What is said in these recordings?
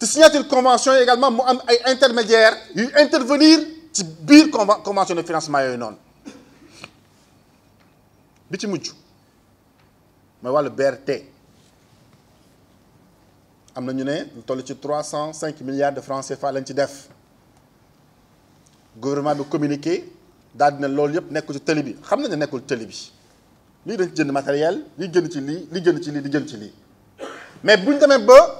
te signature convention yi également mu am ay intermédiaire yuy intervenir ci biir convention de financement yooyu noonu bi ci mujj mooy wàllu BRT am na ñu ne toll ci trois cent cinq milliards de francs CFA lañ ci def gouvernement bi communiquer. daal dina loolu yëpp nekkul ci tëli bi xam nañ ne nekkul bi lii dañ ci jënd matériel lii jënd ci lii lii jënd ci lii di jënd ci lii mais buñ demee ba.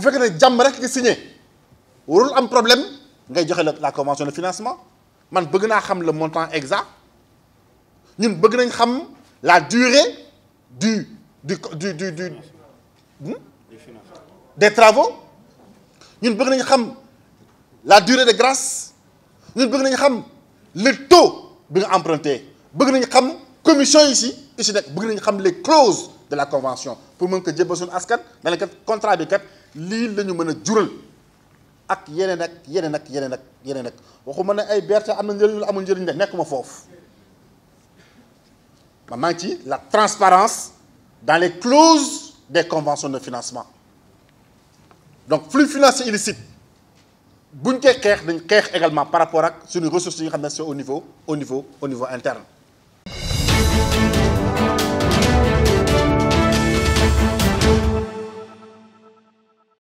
Vous que les jambes qui signent. signé avez un problème Vous avez la convention de financement man bëgg le montant exact vous bëgg la durée du hmm? des travaux vous bëgg la durée de grâce vous bëgg le taux bi nga emprunté bëgg nañ commission ici. vous avez les clauses de la convention pour mën que askan contrat la nous ak ne ay amul la transparence dans les clauses des conventions de financement donc flux financier illicite bu également par rapport à suñu ressources yi au niveau au niveau au niveau interne